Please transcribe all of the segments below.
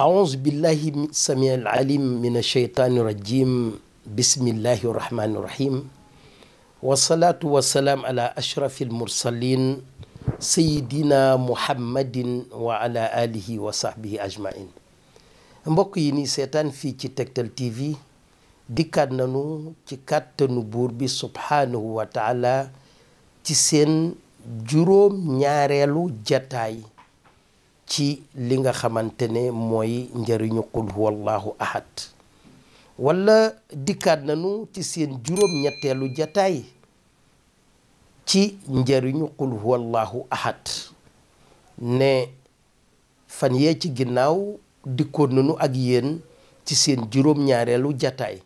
أعوذ بالله السميع العليم من الشيطان الرجيم بسم الله الرحمن الرحيم والصلاة والسلام على أشرف المرسلين سيدنا محمد وعلى آله وصحبه أجمعين mbokk yi ni seetaan fii ci Tektal TV dikkaat nanu ci kàttanu buur bi subhaanahu wa taala ci seen juróom ñaareelu jataay ci li nga xamante ne mooy njariñu qul huwallahu ahad wala dikkaat nañu ci seen juróom-ñetteelu jataay ci njariñu qul huwallahu ahad ne fan yee ci ginnaaw dikkoot nañu ak yéen ci seen juróom-ñaareelu jataay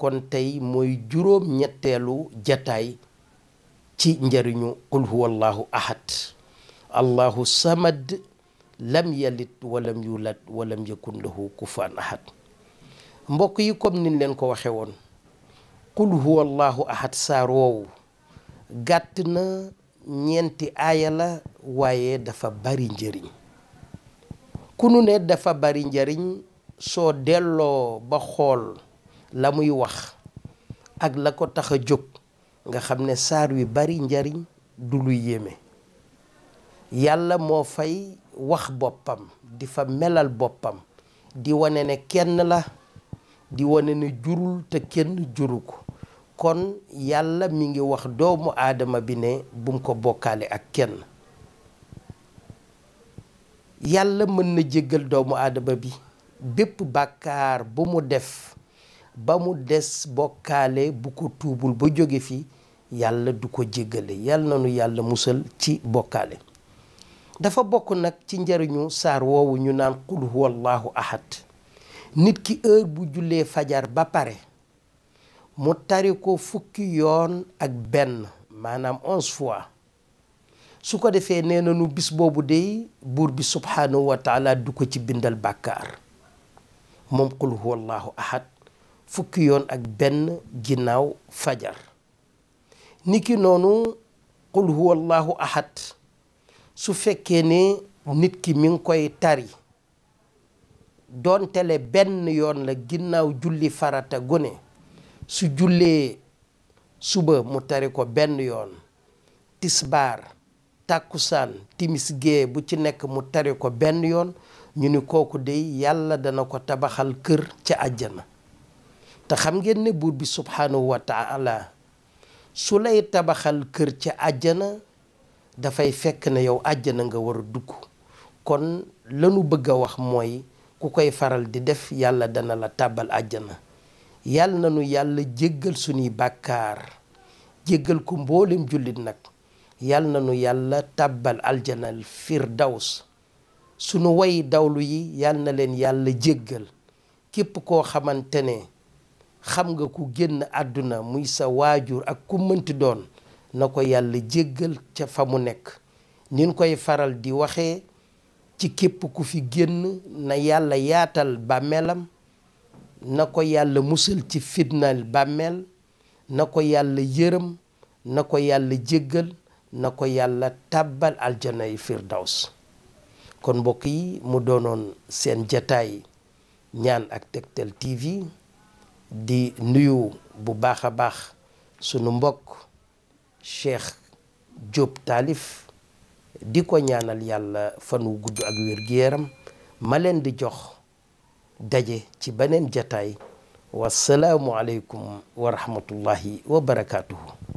kon tey mooy juróom-ñetteelu jataay ci njariñu qul huwallahu ahad allahu samad lam yalit walam yulat walam yakun lahu kufaan ahad mbokk yi comme niñ leen ko waxe woon qul huwa allahu ahad saar woowu gàtt na ñeenti aaya la waaye dafa bari njëriñ ku nu ne dafa bari njariñ soo delloo ba xool la muy wax ak la ko tax a jóg nga xam ne saar wi bari njariñ du lu yéeme yàlla moo fay wax boppam di fa melal boppam di wane ne kenn la di wane ne jurul te kenn juru ko kon yàlla mu ngi wax doomu aadama bi ne bum ko bokkaale ak kenn yàlla mën na jéggal doomu aadama bi bépp bàkkaar bu mu def ba mu des bokkaale bu ko tuubul ba jóge fi yàlla du ko jéggale yàlla na nu yàlla musal ci bokkaale dafa bokk nag ci njariñu saar woowu ñu naan qul huwallahu ahad nit ki heure bu jullee fajar ba pare mu tari ko fukki yoon ak benn maanaam onze fois su ko defee nee na nu bis boobu dey buur bi subhaanahu wa du ko ci bindal bàkkaar moom qul huwallahu ahad fukki yoon ak benn ginnaaw fajar niki noonu qul huwallahu ahad su fekkee ne nit ki mi ngi koy tari doonte le benn yoon la ginnaaw julli farata gone su jullee suba mu tari ko benn yoon tisbaar tàkkusaan timis gee bu ci nekk mu tari ko benn yoon ñu ni kooku dey yàlla dana ko tabaxal kër ca àjjana te xam ngeen ne buur bi subhaanahu wataala taala su lay tabaxal kër ca àjjana dafay fekk ne yow àjjana nga war a dugg kon lanu bëgg a wax mooy ku koy faral di def yàlla dana la tàbbal àjjana yàlla na nu yàlla jéggal suñuy bàkkaar jéggal ko mboolem jullit nag yàlla na nu yàlla tàbbal aljanal firdaws sunu way dawlu yi yàlla na leen yàlla jéggal képp koo xamante ne xam nga ku génn àdduna muy sa waajur ak ku mënti doon na ko yàlla jéggal ca fa mu nekk nin koy faral di waxee ci képp ku fi génn na yàlla yaatal bàmmeelam na ko yàlla musal ci fitnaal bàmmeel na ko yàlla yërëm na ko yàlla jéggal na ko yàlla tàbbal aljana yi firdaws kon mbokk yi mu doonoon seen jataay ñaan ak Tektal TV di nuyu bu baaxa baax sunu mbokk Cheikh Diop Taalif di ko ñaanal yàlla fan wu gudd ak wér gu yaram ma leen di jox daje ci beneen jataay wasalaamualeykum wa rahmatullahi wa barakaatuhu.